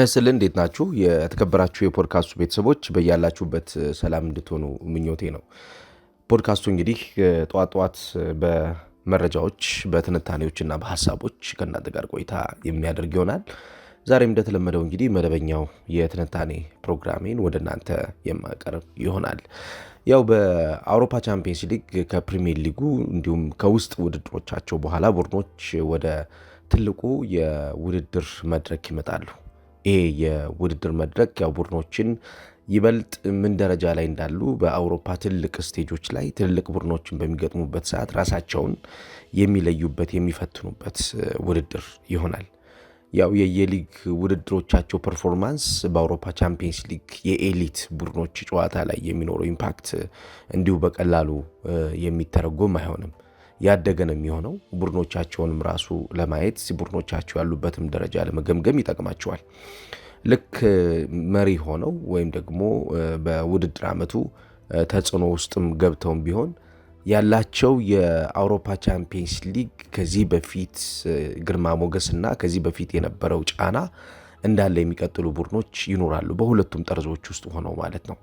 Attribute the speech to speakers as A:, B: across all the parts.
A: ጤና ይስጥልን እንዴት ናችሁ? የተከበራችሁ የፖድካስቱ ቤተሰቦች በያላችሁበት ሰላም እንድትሆኑ ምኞቴ ነው። ፖድካስቱ እንግዲህ ጠዋት ጠዋት በመረጃዎች በትንታኔዎችና በሀሳቦች ከእናንተ ጋር ቆይታ የሚያደርግ ይሆናል። ዛሬም እንደተለመደው እንግዲህ መደበኛው የትንታኔ ፕሮግራሜን ወደ እናንተ የማቀርብ ይሆናል። ያው በአውሮፓ ቻምፒየንስ ሊግ ከፕሪሚየር ሊጉ እንዲሁም ከውስጥ ውድድሮቻቸው በኋላ ቡድኖች ወደ ትልቁ የውድድር መድረክ ይመጣሉ። ይሄ የውድድር መድረክ ያው ቡድኖችን ይበልጥ ምን ደረጃ ላይ እንዳሉ በአውሮፓ ትልቅ ስቴጆች ላይ ትልልቅ ቡድኖችን በሚገጥሙበት ሰዓት ራሳቸውን የሚለዩበት የሚፈትኑበት ውድድር ይሆናል። ያው የየሊግ ውድድሮቻቸው ፐርፎርማንስ በአውሮፓ ቻምፒየንስ ሊግ የኤሊት ቡድኖች ጨዋታ ላይ የሚኖረው ኢምፓክት እንዲሁ በቀላሉ የሚተረጎም አይሆንም። ያደገ ነው የሚሆነው። ቡድኖቻቸውንም ራሱ ለማየት ቡድኖቻቸው ያሉበትም ደረጃ ለመገምገም ይጠቅማቸዋል። ልክ መሪ ሆነው ወይም ደግሞ በውድድር ዓመቱ ተጽዕኖ ውስጥም ገብተውም ቢሆን ያላቸው የአውሮፓ ቻምፒየንስ ሊግ ከዚህ በፊት ግርማ ሞገስና ከዚህ በፊት የነበረው ጫና እንዳለ የሚቀጥሉ ቡድኖች ይኖራሉ፣ በሁለቱም ጠርዞች ውስጥ ሆነው ማለት ነው።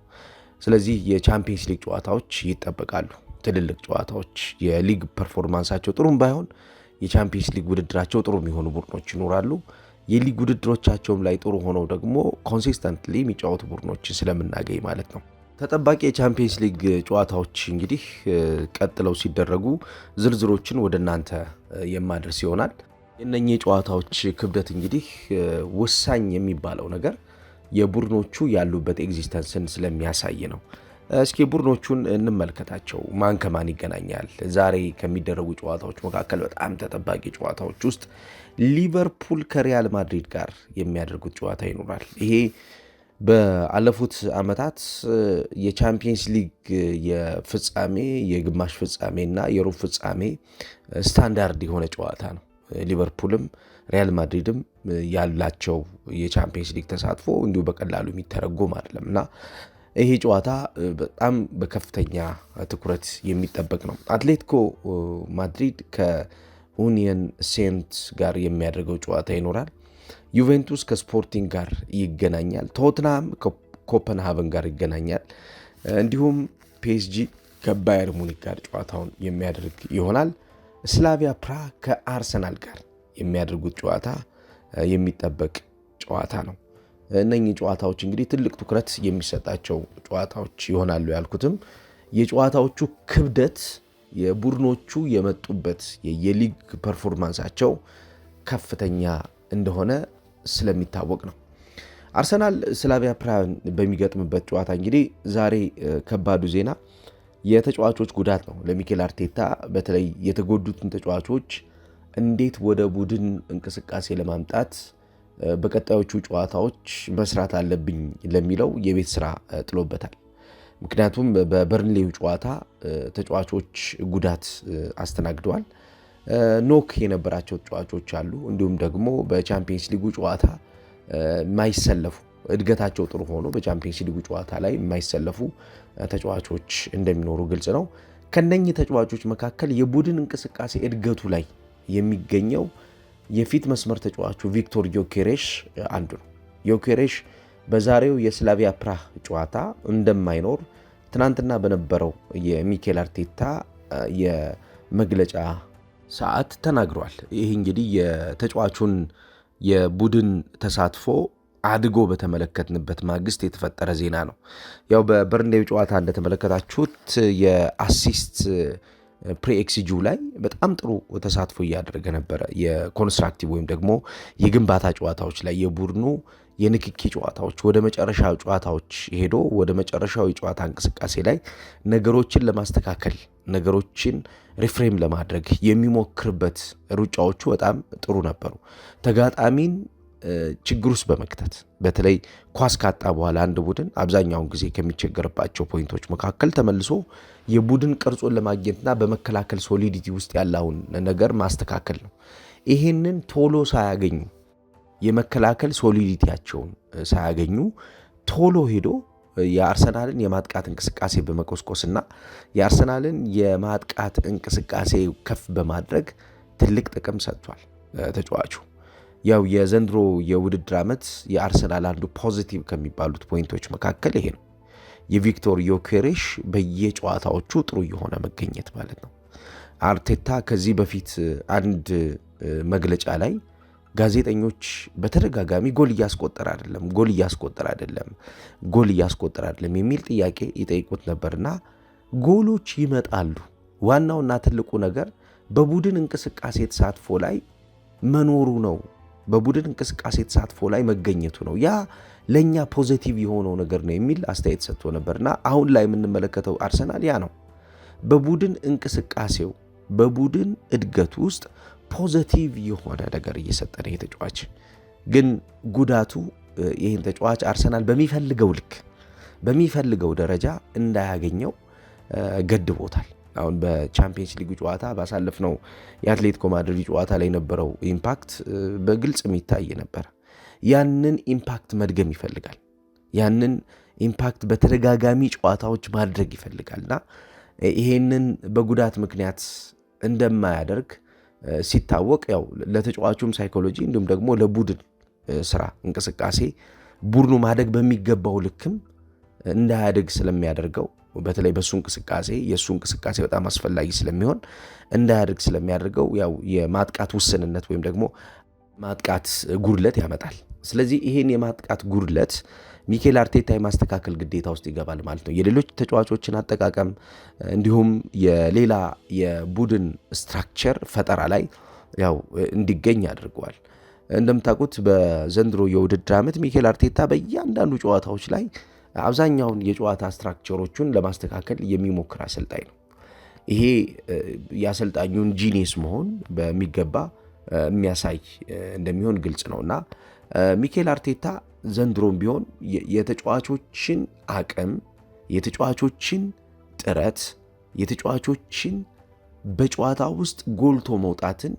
A: ስለዚህ የቻምፒየንስ ሊግ ጨዋታዎች ይጠበቃሉ። ትልልቅ ጨዋታዎች የሊግ ፐርፎርማንሳቸው ጥሩም ባይሆን የቻምፒየንስ ሊግ ውድድራቸው ጥሩ የሚሆኑ ቡድኖች ይኖራሉ። የሊግ ውድድሮቻቸውም ላይ ጥሩ ሆነው ደግሞ ኮንሲስተንትሊ የሚጫወቱ ቡድኖችን ስለምናገኝ ማለት ነው። ተጠባቂ የቻምፒየንስ ሊግ ጨዋታዎች እንግዲህ ቀጥለው ሲደረጉ ዝርዝሮችን ወደ እናንተ የማድርስ ይሆናል። የእነኚህ ጨዋታዎች ክብደት እንግዲህ ወሳኝ የሚባለው ነገር የቡድኖቹ ያሉበት ኤግዚስተንስን ስለሚያሳይ ነው። እስኪ ቡድኖቹን እንመልከታቸው። ማን ከማን ይገናኛል? ዛሬ ከሚደረጉ ጨዋታዎች መካከል በጣም ተጠባቂ ጨዋታዎች ውስጥ ሊቨርፑል ከሪያል ማድሪድ ጋር የሚያደርጉት ጨዋታ ይኖራል። ይሄ በአለፉት ዓመታት የቻምፒየንስ ሊግ የፍጻሜ የግማሽ ፍጻሜ እና የሩብ ፍጻሜ ስታንዳርድ የሆነ ጨዋታ ነው። ሊቨርፑልም ሪያል ማድሪድም ያላቸው የቻምፒየንስ ሊግ ተሳትፎ እንዲሁ በቀላሉ የሚተረጎም አይደለም እና ይሄ ጨዋታ በጣም በከፍተኛ ትኩረት የሚጠበቅ ነው። አትሌቲኮ ማድሪድ ከኡኒየን ሴንት ጋር የሚያደርገው ጨዋታ ይኖራል። ዩቬንቱስ ከስፖርቲንግ ጋር ይገናኛል። ቶትናም ከኮፐንሃቨን ጋር ይገናኛል። እንዲሁም ፒኤስጂ ከባየር ሙኒክ ጋር ጨዋታውን የሚያደርግ ይሆናል። ስላቪያ ፕራግ ከአርሰናል ጋር የሚያደርጉት ጨዋታ የሚጠበቅ ጨዋታ ነው። እነኚህ ጨዋታዎች እንግዲህ ትልቅ ትኩረት የሚሰጣቸው ጨዋታዎች ይሆናሉ። ያልኩትም የጨዋታዎቹ ክብደት፣ የቡድኖቹ የመጡበት የሊግ ፐርፎርማንሳቸው ከፍተኛ እንደሆነ ስለሚታወቅ ነው። አርሰናል ስላቪያ ፕራን በሚገጥምበት ጨዋታ እንግዲህ ዛሬ ከባዱ ዜና የተጫዋቾች ጉዳት ነው። ለሚኬል አርቴታ በተለይ የተጎዱትን ተጫዋቾች እንዴት ወደ ቡድን እንቅስቃሴ ለማምጣት በቀጣዮቹ ጨዋታዎች መስራት አለብኝ ለሚለው የቤት ስራ ጥሎበታል። ምክንያቱም በበርንሌው ጨዋታ ተጫዋቾች ጉዳት አስተናግደዋል። ኖክ የነበራቸው ተጫዋቾች አሉ። እንዲሁም ደግሞ በቻምፒየንስ ሊጉ ጨዋታ የማይሰለፉ እድገታቸው ጥሩ ሆኖ በቻምፒየንስ ሊጉ ጨዋታ ላይ የማይሰለፉ ተጫዋቾች እንደሚኖሩ ግልጽ ነው። ከነኚህ ተጫዋቾች መካከል የቡድን እንቅስቃሴ እድገቱ ላይ የሚገኘው የፊት መስመር ተጫዋቹ ቪክቶር ዮኬሬሽ አንዱ ነው። ዮኬሬሽ በዛሬው የስላቪያ ፕራህ ጨዋታ እንደማይኖር ትናንትና በነበረው የሚኬል አርቴታ የመግለጫ ሰዓት ተናግሯል። ይህ እንግዲህ የተጫዋቹን የቡድን ተሳትፎ አድጎ በተመለከትንበት ማግስት የተፈጠረ ዜና ነው። ያው በበርንዴው ጨዋታ እንደተመለከታችሁት የአሲስት ፕሪኤክስጂው ላይ በጣም ጥሩ ተሳትፎ እያደረገ ነበረ። የኮንስትራክቲቭ ወይም ደግሞ የግንባታ ጨዋታዎች ላይ የቡድኑ የንክኪ ጨዋታዎች ወደ መጨረሻ ጨዋታዎች ሄዶ ወደ መጨረሻው የጨዋታ እንቅስቃሴ ላይ ነገሮችን ለማስተካከል ነገሮችን ሪፍሬም ለማድረግ የሚሞክርበት ሩጫዎቹ በጣም ጥሩ ነበሩ። ተጋጣሚን ችግር ውስጥ በመክተት በተለይ ኳስ ካጣ በኋላ አንድ ቡድን አብዛኛውን ጊዜ ከሚቸገርባቸው ፖይንቶች መካከል ተመልሶ የቡድን ቅርጾን ለማግኘትና በመከላከል ሶሊዲቲ ውስጥ ያለውን ነገር ማስተካከል ነው። ይሄንን ቶሎ ሳያገኙ የመከላከል ሶሊዲቲያቸውን ሳያገኙ ቶሎ ሄዶ የአርሰናልን የማጥቃት እንቅስቃሴ በመቆስቆስና የአርሰናልን የማጥቃት እንቅስቃሴ ከፍ በማድረግ ትልቅ ጥቅም ሰጥቷል ተጫዋቹ። ያው የዘንድሮ የውድድር ዓመት የአርሰናል አንዱ ፖዚቲቭ ከሚባሉት ፖይንቶች መካከል ይሄ ነው። የቪክቶር ዮኬሬሽ በየጨዋታዎቹ ጥሩ የሆነ መገኘት ማለት ነው። አርቴታ ከዚህ በፊት አንድ መግለጫ ላይ ጋዜጠኞች በተደጋጋሚ ጎል እያስቆጠር አይደለም፣ ጎል እያስቆጠር አይደለም፣ ጎል እያስቆጠር አይደለም የሚል ጥያቄ ይጠይቁት ነበርና ጎሎች ይመጣሉ። ዋናውና ትልቁ ነገር በቡድን እንቅስቃሴ ተሳትፎ ላይ መኖሩ ነው በቡድን እንቅስቃሴ ተሳትፎ ላይ መገኘቱ ነው። ያ ለእኛ ፖዘቲቭ የሆነው ነገር ነው የሚል አስተያየት ሰጥቶ ነበር እና አሁን ላይ የምንመለከተው አርሰናል ያ ነው። በቡድን እንቅስቃሴው በቡድን እድገቱ ውስጥ ፖዘቲቭ የሆነ ነገር እየሰጠ ነው። የተጫዋች ተጫዋች ግን ጉዳቱ ይህን ተጫዋች አርሰናል በሚፈልገው ልክ በሚፈልገው ደረጃ እንዳያገኘው ገድቦታል። አሁን በቻምፒየንስ ሊግ ጨዋታ ነው የአትሌቲኮ ማድሪድ ጨዋታ ላይ የነበረው ኢምፓክት በግልጽ የሚታይ ነበር። ያንን ኢምፓክት መድገም ይፈልጋል። ያንን ኢምፓክት በተደጋጋሚ ጨዋታዎች ማድረግ ይፈልጋልና ይሄንን በጉዳት ምክንያት እንደማያደርግ ሲታወቅ ያው ለተጫዋቹም ሳይኮሎጂ እንዲሁም ደግሞ ለቡድን ስራ እንቅስቃሴ ቡድኑ ማደግ በሚገባው ልክም እንዳያደግ ስለሚያደርገው በተለይ በእሱ እንቅስቃሴ የእሱ እንቅስቃሴ በጣም አስፈላጊ ስለሚሆን እንዳያደርግ ስለሚያደርገው ያው የማጥቃት ውስንነት ወይም ደግሞ ማጥቃት ጉድለት ያመጣል። ስለዚህ ይህን የማጥቃት ጉድለት ሚኬል አርቴታ የማስተካከል ግዴታ ውስጥ ይገባል ማለት ነው። የሌሎች ተጫዋቾችን አጠቃቀም እንዲሁም የሌላ የቡድን ስትራክቸር ፈጠራ ላይ ያው እንዲገኝ አድርገዋል። እንደምታውቁት በዘንድሮ የውድድር ዓመት ሚኬል አርቴታ በእያንዳንዱ ጨዋታዎች ላይ አብዛኛውን የጨዋታ ስትራክቸሮቹን ለማስተካከል የሚሞክር አሰልጣኝ ነው። ይሄ የአሰልጣኙን ጂኒየስ መሆን በሚገባ የሚያሳይ እንደሚሆን ግልጽ ነው እና ሚኬል አርቴታ ዘንድሮም ቢሆን የተጫዋቾችን አቅም፣ የተጫዋቾችን ጥረት፣ የተጫዋቾችን በጨዋታ ውስጥ ጎልቶ መውጣትን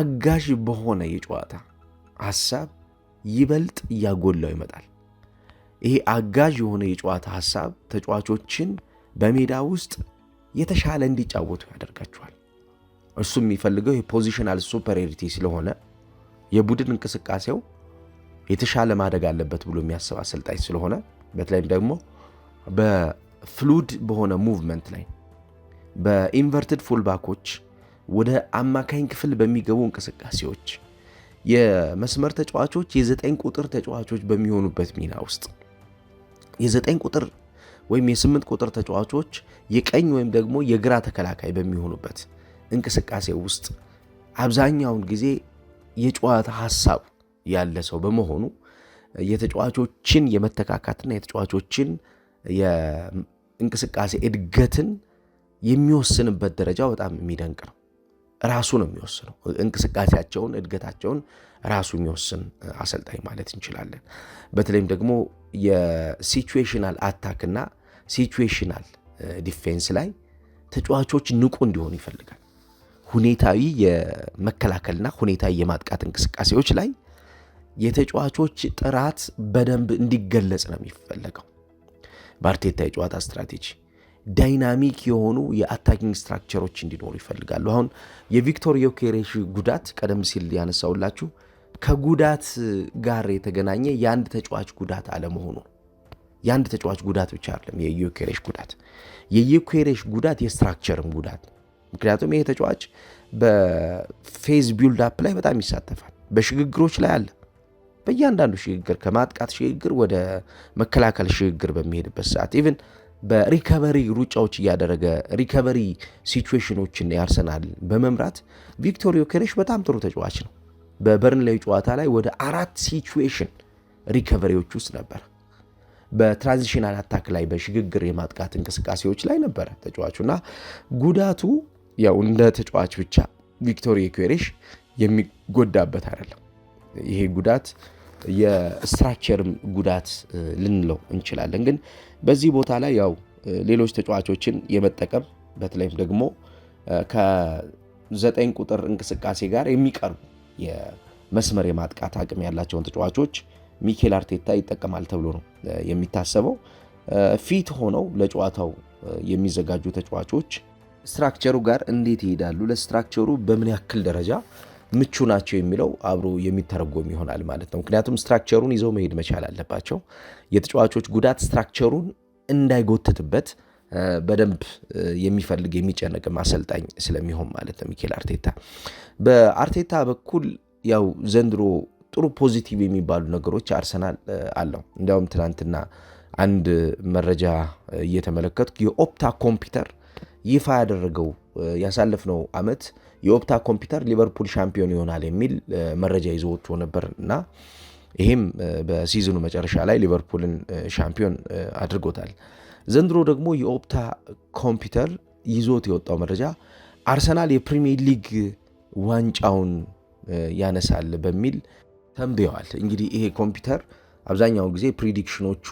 A: አጋዥ በሆነ የጨዋታ ሀሳብ ይበልጥ እያጎላው ይመጣል። ይሄ አጋዥ የሆነ የጨዋታ ሐሳብ ተጫዋቾችን በሜዳ ውስጥ የተሻለ እንዲጫወቱ ያደርጋቸዋል። እሱ የሚፈልገው የፖዚሽናል ሱፐሪዮሪቲ ስለሆነ የቡድን እንቅስቃሴው የተሻለ ማደግ አለበት ብሎ የሚያስብ አሰልጣኝ ስለሆነ በተለይም ደግሞ በፍሉድ በሆነ ሙቭመንት ላይ በኢንቨርትድ ፉልባኮች ወደ አማካኝ ክፍል በሚገቡ እንቅስቃሴዎች የመስመር ተጫዋቾች የዘጠኝ ቁጥር ተጫዋቾች በሚሆኑበት ሚና ውስጥ የዘጠኝ ቁጥር ወይም የስምንት ቁጥር ተጫዋቾች የቀኝ ወይም ደግሞ የግራ ተከላካይ በሚሆኑበት እንቅስቃሴ ውስጥ አብዛኛውን ጊዜ የጨዋታ ሀሳብ ያለ ሰው በመሆኑ የተጫዋቾችን የመተካካትና የተጫዋቾችን የእንቅስቃሴ እድገትን የሚወስንበት ደረጃ በጣም የሚደንቅ ነው። ራሱ ነው የሚወስነው። እንቅስቃሴያቸውን፣ እድገታቸውን ራሱ የሚወስን አሰልጣኝ ማለት እንችላለን። በተለይም ደግሞ የሲቹዌሽናል አታክና ሲቹዌሽናል ዲፌንስ ላይ ተጫዋቾች ንቁ እንዲሆኑ ይፈልጋል። ሁኔታዊ የመከላከልና ሁኔታዊ የማጥቃት እንቅስቃሴዎች ላይ የተጫዋቾች ጥራት በደንብ እንዲገለጽ ነው የሚፈለገው በአርቴታ የጨዋታ ስትራቴጂ ዳይናሚክ የሆኑ የአታኪንግ ስትራክቸሮች እንዲኖሩ ይፈልጋሉ። አሁን የቪክቶር ዮኬሬሽ ጉዳት ቀደም ሲል ያነሳውላችሁ ከጉዳት ጋር የተገናኘ የአንድ ተጫዋች ጉዳት አለመሆኑ የአንድ ተጫዋች ጉዳት ብቻ አይደለም። የዮኬሬሽ ጉዳት የዮኬሬሽ ጉዳት የስትራክቸርም ጉዳት ምክንያቱም ይሄ ተጫዋች በፌዝ ቢልድ አፕ ላይ በጣም ይሳተፋል። በሽግግሮች ላይ አለ። በእያንዳንዱ ሽግግር ከማጥቃት ሽግግር ወደ መከላከል ሽግግር በሚሄድበት ሰዓት ኢቭን በሪከቨሪ ሩጫዎች እያደረገ ሪከቨሪ ሲትዌሽኖችን ያርሰናል በመምራት ቪክቶሪዮ ዮኬሬሽ በጣም ጥሩ ተጫዋች ነው። በበርንሌዩ ጨዋታ ላይ ወደ አራት ሲትዌሽን ሪከቨሪዎች ውስጥ ነበር። በትራንዚሽናል አታክ ላይ በሽግግር የማጥቃት እንቅስቃሴዎች ላይ ነበረ ተጫዋቹ እና ጉዳቱ ያው እንደ ተጫዋች ብቻ ቪክቶሪ ዮኬሬሽ የሚጎዳበት አይደለም። ይሄ ጉዳት የስትራክቸርም ጉዳት ልንለው እንችላለን ግን በዚህ ቦታ ላይ ያው ሌሎች ተጫዋቾችን የመጠቀም በተለይም ደግሞ ከዘጠኝ ቁጥር እንቅስቃሴ ጋር የሚቀርቡ የመስመር የማጥቃት አቅም ያላቸውን ተጫዋቾች ሚኬል አርቴታ ይጠቀማል ተብሎ ነው የሚታሰበው። ፊት ሆነው ለጨዋታው የሚዘጋጁ ተጫዋቾች ስትራክቸሩ ጋር እንዴት ይሄዳሉ፣ ለስትራክቸሩ በምን ያክል ደረጃ ምቹ ናቸው የሚለው አብሮ የሚተረጎም ይሆናል ማለት ነው። ምክንያቱም ስትራክቸሩን ይዘው መሄድ መቻል አለባቸው። የተጫዋቾች ጉዳት ስትራክቸሩን እንዳይጎትትበት በደንብ የሚፈልግ የሚጨነቅም አሰልጣኝ ስለሚሆን ማለት ነው ሚኬል አርቴታ። በአርቴታ በኩል ያው ዘንድሮ ጥሩ ፖዚቲቭ የሚባሉ ነገሮች አርሰናል አለው። እንዲያውም ትናንትና አንድ መረጃ እየተመለከትኩ የኦፕታ ኮምፒውተር ይፋ ያደረገው ያሳለፍነው አመት የኦፕታ ኮምፒውተር ሊቨርፑል ሻምፒዮን ይሆናል የሚል መረጃ ይዞ ወጥቶ ነበር እና ይህም በሲዝኑ መጨረሻ ላይ ሊቨርፑልን ሻምፒዮን አድርጎታል። ዘንድሮ ደግሞ የኦፕታ ኮምፒውተር ይዞት የወጣው መረጃ አርሰናል የፕሪሚየር ሊግ ዋንጫውን ያነሳል በሚል ተንብየዋል። እንግዲህ ይሄ ኮምፒውተር አብዛኛውን ጊዜ ፕሪዲክሽኖቹ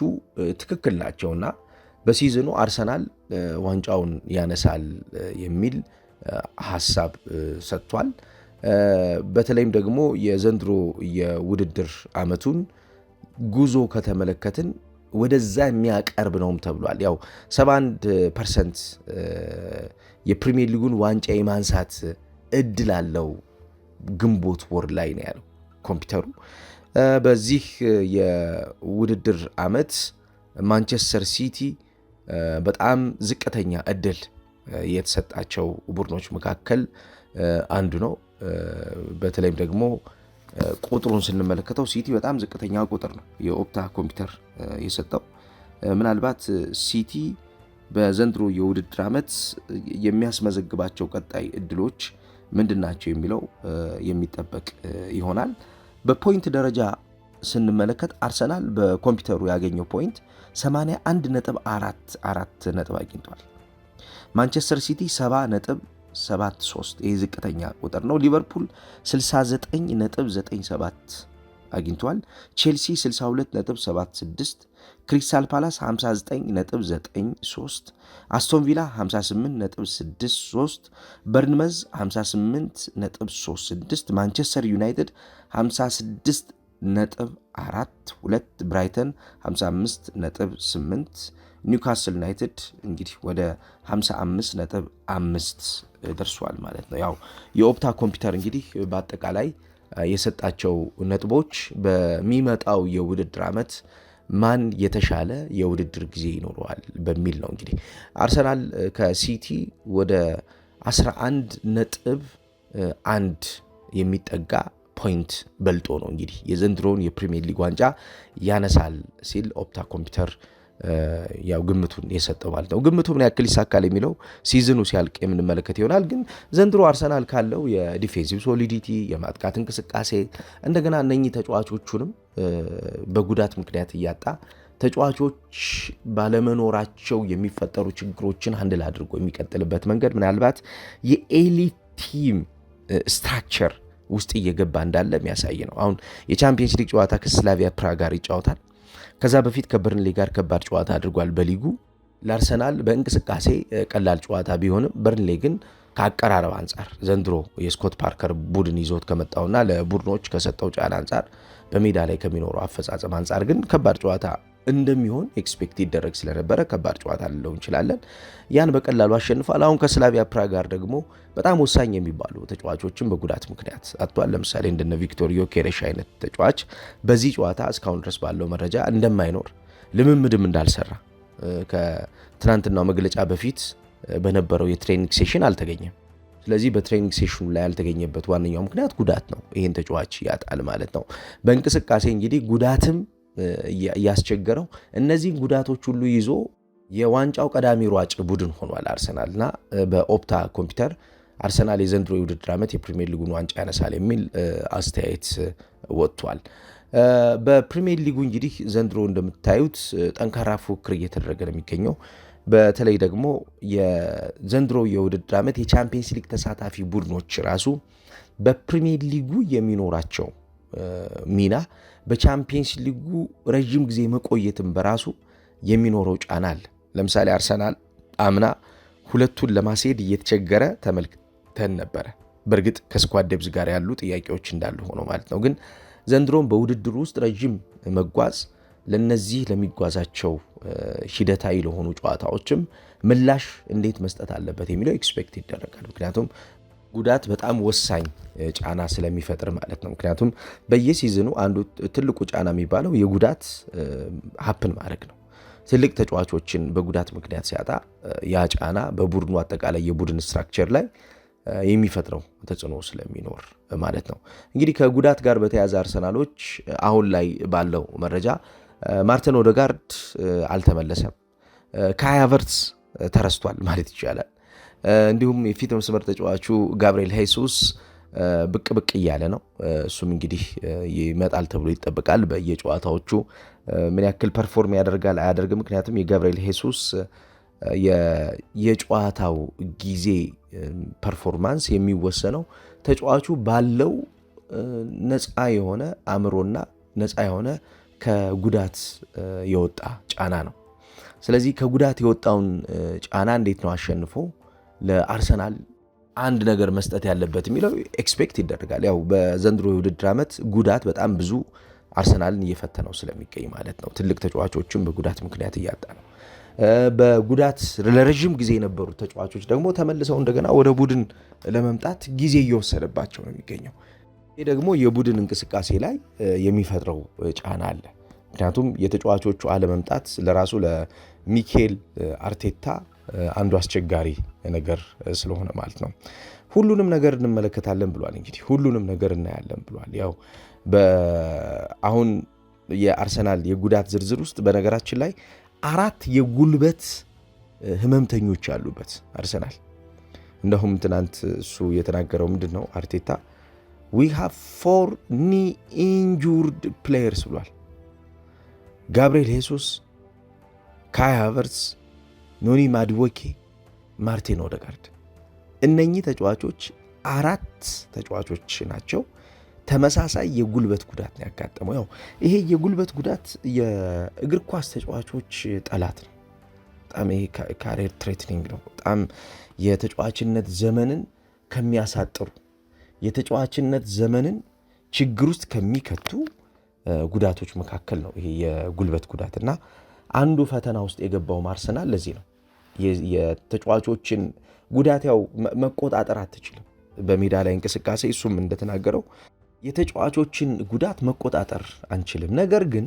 A: ትክክል ናቸውና በሲዝኑ አርሰናል ዋንጫውን ያነሳል የሚል ሀሳብ ሰጥቷል። በተለይም ደግሞ የዘንድሮ የውድድር አመቱን ጉዞ ከተመለከትን ወደዛ የሚያቀርብ ነውም ተብሏል። ያው 71 ፐርሰንት የፕሪሚየር ሊጉን ዋንጫ የማንሳት እድል አለው ግንቦት ወር ላይ ነው ያለው ኮምፒውተሩ። በዚህ የውድድር አመት ማንቸስተር ሲቲ በጣም ዝቅተኛ እድል የተሰጣቸው ቡድኖች መካከል አንዱ ነው። በተለይም ደግሞ ቁጥሩን ስንመለከተው ሲቲ በጣም ዝቅተኛ ቁጥር ነው የኦፕታ ኮምፒውተር የሰጠው። ምናልባት ሲቲ በዘንድሮ የውድድር ዓመት የሚያስመዘግባቸው ቀጣይ እድሎች ምንድን ናቸው የሚለው የሚጠበቅ ይሆናል። በፖይንት ደረጃ ስንመለከት አርሰናል በኮምፒውተሩ ያገኘው ፖይንት 81 ነጥብ 4 አራት ነጥብ አግኝቷል። ማንቸስተር ሲቲ 70 ነጥብ 73 ይህ ዝቅተኛ ቁጥር ነው። ሊቨርፑል 69 ነጥብ 97 አግኝቷል። ቼልሲ 62 ነጥብ 76፣ ክሪስታል ፓላስ 59 ነጥብ 93፣ አስቶን ቪላ 58 ነጥብ 63፣ በርንመዝ 58 ነጥብ 36፣ ማንቸስተር ዩናይትድ 56 ነጥብ አራት ሁለት ብራይተን 55 ነጥብ 8 ኒውካስል ዩናይትድ እንግዲህ ወደ 55 ነጥብ 5 ደርሷል ማለት ነው። ያው የኦፕታ ኮምፒውተር እንግዲህ በአጠቃላይ የሰጣቸው ነጥቦች በሚመጣው የውድድር ዓመት ማን የተሻለ የውድድር ጊዜ ይኖረዋል በሚል ነው። እንግዲህ አርሰናል ከሲቲ ወደ 11 ነጥብ አንድ የሚጠጋ ፖይንት በልጦ ነው እንግዲህ የዘንድሮውን የፕሪሚየር ሊግ ዋንጫ ያነሳል ሲል ኦፕታ ኮምፒውተር ያው ግምቱን የሰጠው ማለት ነው። ግምቱ ምን ያክል ይሳካል የሚለው ሲዝኑ ሲያልቅ የምንመለከት ይሆናል። ግን ዘንድሮ አርሰናል ካለው የዲፌንሲቭ ሶሊዲቲ የማጥቃት እንቅስቃሴ እንደገና እነኚህ ተጫዋቾቹንም በጉዳት ምክንያት እያጣ ተጫዋቾች ባለመኖራቸው የሚፈጠሩ ችግሮችን አንድል አድርጎ የሚቀጥልበት መንገድ ምናልባት የኤሊት ቲም ስትራክቸር ውስጥ እየገባ እንዳለ የሚያሳይ ነው። አሁን የቻምፒየንስ ሊግ ጨዋታ ከስላቪያ ፕራ ጋር ይጫወታል። ከዛ በፊት ከበርንሌ ጋር ከባድ ጨዋታ አድርጓል በሊጉ ለአርሰናል በእንቅስቃሴ ቀላል ጨዋታ ቢሆንም በርንሌ ግን ከአቀራረብ አንጻር ዘንድሮ የስኮት ፓርከር ቡድን ይዞት ከመጣውና ለቡድኖች ከሰጠው ጫና አንጻር በሜዳ ላይ ከሚኖረው አፈጻጸም አንጻር ግን ከባድ ጨዋታ እንደሚሆን ኤክስፔክት ይደረግ ስለነበረ ከባድ ጨዋታ ልለው እንችላለን። ያን በቀላሉ አሸንፏል። አሁን ከስላቪያ ፕራ ጋር ደግሞ በጣም ወሳኝ የሚባሉ ተጫዋቾችን በጉዳት ምክንያት አጥቷል። ለምሳሌ እንደነ ቪክቶሪዮ ኬሬሽ አይነት ተጫዋች በዚህ ጨዋታ እስካሁን ድረስ ባለው መረጃ እንደማይኖር ልምምድም እንዳልሰራ ከትናንትናው መግለጫ በፊት በነበረው የትሬኒንግ ሴሽን አልተገኘም። ስለዚህ በትሬኒንግ ሴሽኑ ላይ ያልተገኘበት ዋነኛው ምክንያት ጉዳት ነው። ይህን ተጫዋች ያጣል ማለት ነው። በእንቅስቃሴ እንግዲህ ጉዳትም እያስቸገረው እነዚህን ጉዳቶች ሁሉ ይዞ የዋንጫው ቀዳሚ ሯጭ ቡድን ሆኗል አርሰናል እና በኦፕታ ኮምፒውተር አርሰናል የዘንድሮ የውድድር ዓመት የፕሪሚየር ሊጉን ዋንጫ ያነሳል የሚል አስተያየት ወጥቷል። በፕሪሚየር ሊጉ እንግዲህ ዘንድሮ እንደምታዩት ጠንካራ ፉክክር እየተደረገ ነው የሚገኘው። በተለይ ደግሞ የዘንድሮ የውድድር ዓመት የቻምፒየንስ ሊግ ተሳታፊ ቡድኖች ራሱ በፕሪሚየር ሊጉ የሚኖራቸው ሚና በቻምፒየንስ ሊጉ ረዥም ጊዜ መቆየትን በራሱ የሚኖረው ጫና አለ። ለምሳሌ አርሰናል አምና ሁለቱን ለማስሄድ እየተቸገረ ተመልክተን ነበረ። በእርግጥ ከስኳድ ደብዝ ጋር ያሉ ጥያቄዎች እንዳሉ ሆኖ ማለት ነው። ግን ዘንድሮም በውድድሩ ውስጥ ረዥም መጓዝ ለነዚህ ለሚጓዛቸው ሂደታዊ ለሆኑ ጨዋታዎችም ምላሽ እንዴት መስጠት አለበት የሚለው ኤክስፔክት ይደረጋል። ምክንያቱም ጉዳት በጣም ወሳኝ ጫና ስለሚፈጥር ማለት ነው። ምክንያቱም በየሲዝኑ አንዱ ትልቁ ጫና የሚባለው የጉዳት ሀፕን ማድረግ ነው። ትልቅ ተጫዋቾችን በጉዳት ምክንያት ሲያጣ ያ ጫና በቡድኑ አጠቃላይ የቡድን ስትራክቸር ላይ የሚፈጥረው ተጽዕኖ ስለሚኖር ማለት ነው። እንግዲህ ከጉዳት ጋር በተያያዘ አርሰናሎች አሁን ላይ ባለው መረጃ ማርተን ኦደጋርድ አልተመለሰም፣ ካይ ሃቨርትዝ ተረስቷል ማለት ይቻላል። እንዲሁም የፊት መስመር ተጫዋቹ ጋብርኤል ሄሱስ ብቅ ብቅ እያለ ነው። እሱም እንግዲህ ይመጣል ተብሎ ይጠበቃል። በየጨዋታዎቹ ምን ያክል ፐርፎርም ያደርጋል አያደርግም፣ ምክንያቱም የጋብርኤል ሄሱስ የጨዋታው ጊዜ ፐርፎርማንስ የሚወሰነው ተጫዋቹ ባለው ነፃ የሆነ አእምሮና ነፃ የሆነ ከጉዳት የወጣ ጫና ነው። ስለዚህ ከጉዳት የወጣውን ጫና እንዴት ነው አሸንፎ ለአርሰናል አንድ ነገር መስጠት ያለበት የሚለው ኤክስፔክት ይደረጋል። ያው በዘንድሮ የውድድር ዓመት ጉዳት በጣም ብዙ አርሰናልን እየፈተነው ስለሚገኝ ማለት ነው። ትልቅ ተጫዋቾችም በጉዳት ምክንያት እያጣ ነው። በጉዳት ለረዥም ጊዜ የነበሩት ተጫዋቾች ደግሞ ተመልሰው እንደገና ወደ ቡድን ለመምጣት ጊዜ እየወሰደባቸው ነው የሚገኘው። ይህ ደግሞ የቡድን እንቅስቃሴ ላይ የሚፈጥረው ጫና አለ። ምክንያቱም የተጫዋቾቹ አለመምጣት ለራሱ ለሚኬል አርቴታ አንዱ አስቸጋሪ ነገር ስለሆነ ማለት ነው። ሁሉንም ነገር እንመለከታለን ብሏል። እንግዲህ ሁሉንም ነገር እናያለን ብሏል። ያው አሁን የአርሰናል የጉዳት ዝርዝር ውስጥ በነገራችን ላይ አራት የጉልበት ህመምተኞች ያሉበት አርሰናል እንደሁም ትናንት እሱ የተናገረው ምንድን ነው አርቴታ ዊ ሃቭ ፎር ኒ ኢንጁርድ ፕሌየርስ ብሏል። ጋብርኤል ሄሱስ፣ ካይ ሃቨርስ ኖኒ ማድወኬ፣ ማርቲን ኦደጋርድ እነኚህ ተጫዋቾች አራት ተጫዋቾች ናቸው። ተመሳሳይ የጉልበት ጉዳት ነው ያጋጠመው። ያው ይሄ የጉልበት ጉዳት የእግር ኳስ ተጫዋቾች ጠላት ነው። በጣም ይሄ ካሪየር ትሬትኒንግ ነው። በጣም የተጫዋችነት ዘመንን ከሚያሳጥሩ የተጫዋችነት ዘመንን ችግር ውስጥ ከሚከቱ ጉዳቶች መካከል ነው ይሄ የጉልበት ጉዳት እና አንዱ ፈተና ውስጥ የገባውም አርሰናል ለዚህ ነው። የተጫዋቾችን ጉዳት ያው መቆጣጠር አትችልም። በሜዳ ላይ እንቅስቃሴ እሱም እንደተናገረው የተጫዋቾችን ጉዳት መቆጣጠር አንችልም። ነገር ግን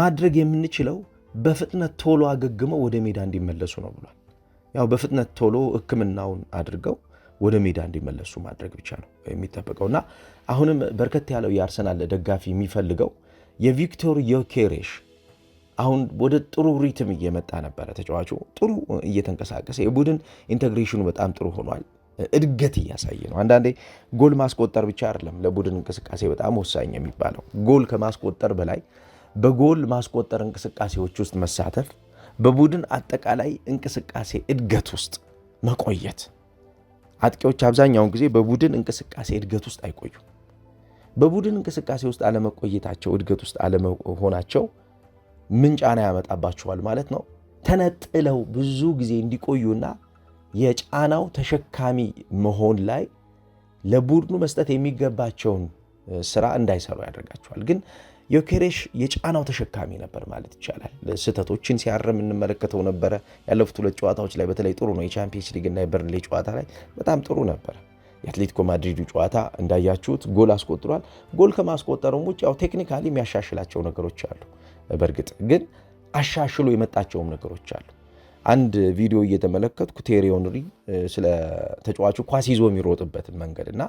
A: ማድረግ የምንችለው በፍጥነት ቶሎ አገግመው ወደ ሜዳ እንዲመለሱ ነው ብሏል። ያው በፍጥነት ቶሎ ሕክምናውን አድርገው ወደ ሜዳ እንዲመለሱ ማድረግ ብቻ ነው የሚጠበቀው እና አሁንም በርከት ያለው የአርሰናል ደጋፊ የሚፈልገው የቪክቶር ዮኬሬሽ አሁን ወደ ጥሩ ሪትም እየመጣ ነበረ። ተጫዋቹ ጥሩ እየተንቀሳቀሰ የቡድን ኢንተግሬሽኑ በጣም ጥሩ ሆኗል። እድገት እያሳየ ነው። አንዳንዴ ጎል ማስቆጠር ብቻ አይደለም ለቡድን እንቅስቃሴ በጣም ወሳኝ የሚባለው ጎል ከማስቆጠር በላይ በጎል ማስቆጠር እንቅስቃሴዎች ውስጥ መሳተፍ፣ በቡድን አጠቃላይ እንቅስቃሴ እድገት ውስጥ መቆየት። አጥቂዎች አብዛኛውን ጊዜ በቡድን እንቅስቃሴ እድገት ውስጥ አይቆዩም። በቡድን እንቅስቃሴ ውስጥ አለመቆየታቸው፣ እድገት ውስጥ አለመሆናቸው ምን ጫና ያመጣባችኋል ማለት ነው። ተነጥለው ብዙ ጊዜ እንዲቆዩና የጫናው ተሸካሚ መሆን ላይ ለቡድኑ መስጠት የሚገባቸውን ስራ እንዳይሰሩ ያደርጋቸዋል። ግን ዮኬሬሽ የጫናው ተሸካሚ ነበር ማለት ይቻላል። ስህተቶችን ሲያርም እንመለከተው ነበረ። ያለፉት ሁለት ጨዋታዎች ላይ በተለይ ጥሩ ነው። የቻምፒየንስ ሊግ እና የበርንሌ ጨዋታ ላይ በጣም ጥሩ ነበረ። የአትሌቲኮ ማድሪዱ ጨዋታ እንዳያችሁት ጎል አስቆጥሯል። ጎል ከማስቆጠሩም ውጭ ያው ቴክኒካሊ የሚያሻሽላቸው ነገሮች አሉ። በእርግጥ ግን አሻሽሎ የመጣቸውም ነገሮች አሉ። አንድ ቪዲዮ እየተመለከትኩ ቴሪ ሄንሪ ስለ ተጫዋቹ ኳስ ይዞ የሚሮጥበትን መንገድ እና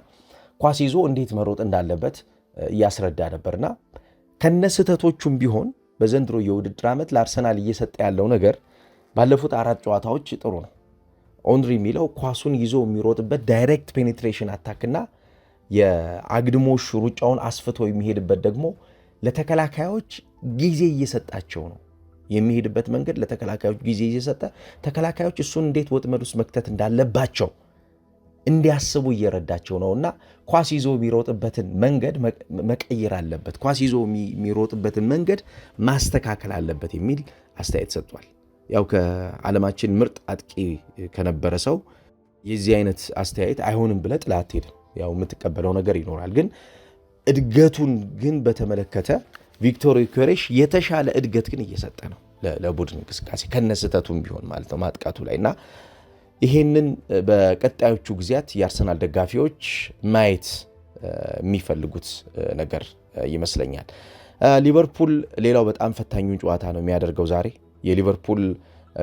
A: ኳስ ይዞ እንዴት መሮጥ እንዳለበት እያስረዳ ነበርና ከነስህተቶቹም ቢሆን በዘንድሮ የውድድር ዓመት ለአርሰናል እየሰጠ ያለው ነገር ባለፉት አራት ጨዋታዎች ጥሩ ነው። ኦንሪ የሚለው ኳሱን ይዞ የሚሮጥበት ዳይሬክት ፔኔትሬሽን አታክና የአግድሞሽ ሩጫውን አስፍቶ የሚሄድበት ደግሞ ለተከላካዮች ጊዜ እየሰጣቸው ነው። የሚሄድበት መንገድ ለተከላካዮች ጊዜ እየሰጠ ተከላካዮች እሱን እንዴት ወጥመድ ውስጥ መክተት እንዳለባቸው እንዲያስቡ እየረዳቸው ነው እና ኳስ ይዞ የሚሮጥበትን መንገድ መቀየር አለበት፣ ኳስ ይዞ የሚሮጥበትን መንገድ ማስተካከል አለበት የሚል አስተያየት ሰጥቷል። ያው ከዓለማችን ምርጥ አጥቂ ከነበረ ሰው የዚህ አይነት አስተያየት አይሆንም ብለህ ጥላት አትሄድም። ያው የምትቀበለው ነገር ይኖራል። ግን እድገቱን ግን በተመለከተ ቪክቶር ዮኬሬሽ የተሻለ እድገት ግን እየሰጠ ነው ለቡድን እንቅስቃሴ ከነስህተቱም ቢሆን ማለት ነው ማጥቃቱ ላይ እና ይሄንን በቀጣዮቹ ጊዜያት የአርሰናል ደጋፊዎች ማየት የሚፈልጉት ነገር ይመስለኛል። ሊቨርፑል ሌላው በጣም ፈታኙን ጨዋታ ነው የሚያደርገው ዛሬ። የሊቨርፑል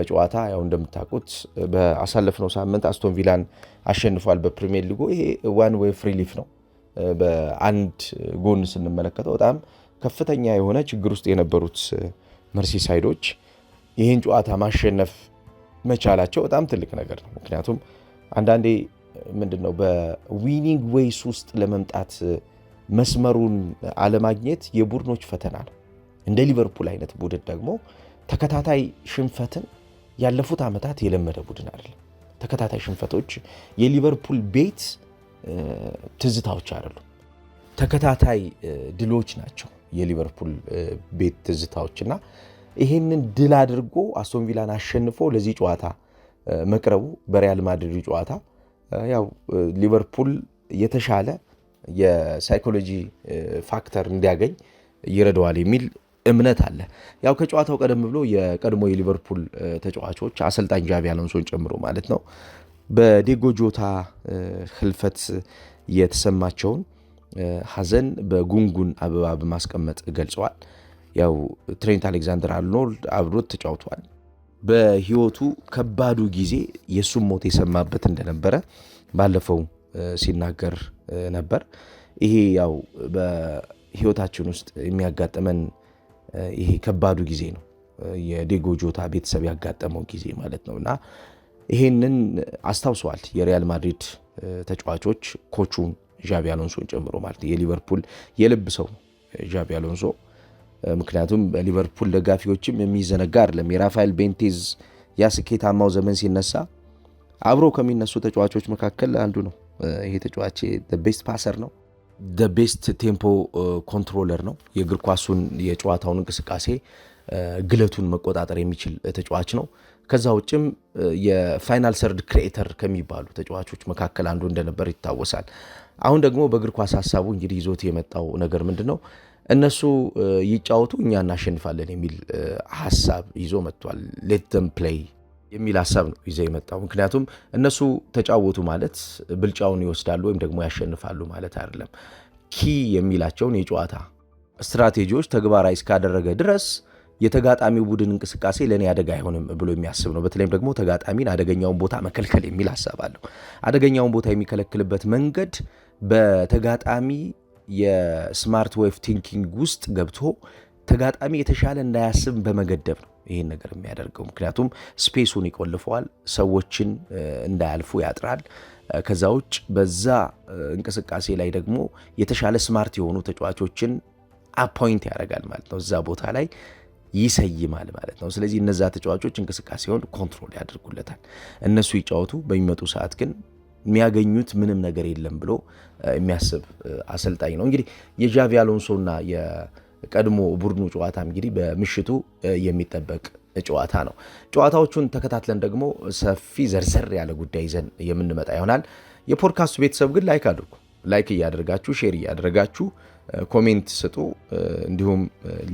A: ጨዋታ ያው እንደምታውቁት በአሳለፍነው ሳምንት አስቶን ቪላን አሸንፏል በፕሪሚየር ሊጉ። ይሄ ዋን ዌይ ፍሪ ሊፍ ነው። በአንድ ጎን ስንመለከተው በጣም ከፍተኛ የሆነ ችግር ውስጥ የነበሩት መርሲሳይዶች ይህን ጨዋታ ማሸነፍ መቻላቸው በጣም ትልቅ ነገር ነው። ምክንያቱም አንዳንዴ ምንድን ነው በዊኒንግ ዌይስ ውስጥ ለመምጣት መስመሩን አለማግኘት የቡድኖች ፈተና ነው። እንደ ሊቨርፑል አይነት ቡድን ደግሞ ተከታታይ ሽንፈትን ያለፉት ዓመታት የለመደ ቡድን አይደለም። ተከታታይ ሽንፈቶች የሊቨርፑል ቤት ትዝታዎች አይደሉም፣ ተከታታይ ድሎች ናቸው። የሊቨርፑል ቤት ትዝታዎችና ይሄንን ድል አድርጎ አስቶን ቪላን አሸንፎ ለዚህ ጨዋታ መቅረቡ በሪያል ማድሪድ ጨዋታ ያው ሊቨርፑል የተሻለ የሳይኮሎጂ ፋክተር እንዲያገኝ ይረዳዋል የሚል እምነት አለ። ያው ከጨዋታው ቀደም ብሎ የቀድሞ የሊቨርፑል ተጫዋቾች አሰልጣኝ ጃቪ አሎንሶን ጨምሮ ማለት ነው በዴጎ ጆታ ህልፈት የተሰማቸውን ሀዘን በጉንጉን አበባ በማስቀመጥ ገልጸዋል። ያው ትሬንት አሌክዛንደር አርኖልድ አብሮት ተጫውቷል። በህይወቱ ከባዱ ጊዜ የእሱም ሞት የሰማበት እንደነበረ ባለፈው ሲናገር ነበር። ይሄ ያው በህይወታችን ውስጥ የሚያጋጥመን ይሄ ከባዱ ጊዜ ነው። የዴጎ ጆታ ቤተሰብ ያጋጠመው ጊዜ ማለት ነው እና ይሄንን አስታውሰዋል የሪያል ማድሪድ ተጫዋቾች ኮቹን ዣቢ አሎንሶን ጨምሮ ማለት የሊቨርፑል የልብ ሰው ዣቢ አሎንሶ። ምክንያቱም በሊቨርፑል ደጋፊዎችም የሚዘነጋ አይደለም። የራፋኤል ቤንቴዝ ያ ስኬታማው ዘመን ሲነሳ አብሮ ከሚነሱ ተጫዋቾች መካከል አንዱ ነው። ይሄ ተጫዋች ቤስት ፓሰር ነው። ቤስት ቴምፖ ኮንትሮለር ነው። የእግር ኳሱን የጨዋታውን እንቅስቃሴ ግለቱን መቆጣጠር የሚችል ተጫዋች ነው። ከዛ ውጭም የፋይናል ሰርድ ክሬኤተር ከሚባሉ ተጫዋቾች መካከል አንዱ እንደነበር ይታወሳል። አሁን ደግሞ በእግር ኳስ ሀሳቡ እንግዲህ ይዞት የመጣው ነገር ምንድን ነው? እነሱ ይጫወቱ እኛ እናሸንፋለን የሚል ሀሳብ ይዞ መጥቷል። ሌት ዘም ፕሌይ የሚል ሀሳብ ነው ይዘ የመጣው። ምክንያቱም እነሱ ተጫወቱ ማለት ብልጫውን ይወስዳሉ ወይም ደግሞ ያሸንፋሉ ማለት አይደለም። ኪ የሚላቸውን የጨዋታ ስትራቴጂዎች ተግባራዊ እስካደረገ ድረስ የተጋጣሚው ቡድን እንቅስቃሴ ለእኔ አደጋ አይሆንም ብሎ የሚያስብ ነው። በተለይም ደግሞ ተጋጣሚን አደገኛውን ቦታ መከልከል የሚል ሀሳብ አለው። አደገኛውን ቦታ የሚከለክልበት መንገድ በተጋጣሚ የስማርት ዌቭ ቲንኪንግ ውስጥ ገብቶ ተጋጣሚ የተሻለ እንዳያስብ በመገደብ ነው ይሄን ነገር የሚያደርገው። ምክንያቱም ስፔሱን ይቆልፈዋል፣ ሰዎችን እንዳያልፉ ያጥራል። ከዛ ውጭ በዛ እንቅስቃሴ ላይ ደግሞ የተሻለ ስማርት የሆኑ ተጫዋቾችን አፖይንት ያደርጋል ማለት ነው፣ እዛ ቦታ ላይ ይሰይማል ማለት ነው። ስለዚህ እነዛ ተጫዋቾች እንቅስቃሴውን ኮንትሮል ያደርጉለታል። እነሱ ይጫወቱ፣ በሚመጡ ሰዓት ግን የሚያገኙት ምንም ነገር የለም ብሎ የሚያስብ አሰልጣኝ ነው። እንግዲህ የዣቪ አሎንሶና የቀድሞ ቡድኑ ጨዋታ እንግዲህ በምሽቱ የሚጠበቅ ጨዋታ ነው። ጨዋታዎቹን ተከታትለን ደግሞ ሰፊ ዘርዘር ያለ ጉዳይ ይዘን የምንመጣ ይሆናል። የፖድካስቱ ቤተሰብ ግን ላይክ አድርጉ። ላይክ እያደረጋችሁ ሼር እያደረጋችሁ ኮሜንት ስጡ። እንዲሁም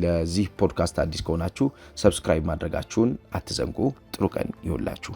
A: ለዚህ ፖድካስት አዲስ ከሆናችሁ ሰብስክራይብ ማድረጋችሁን አትዘንጉ። ጥሩ ቀን ይሁንላችሁ።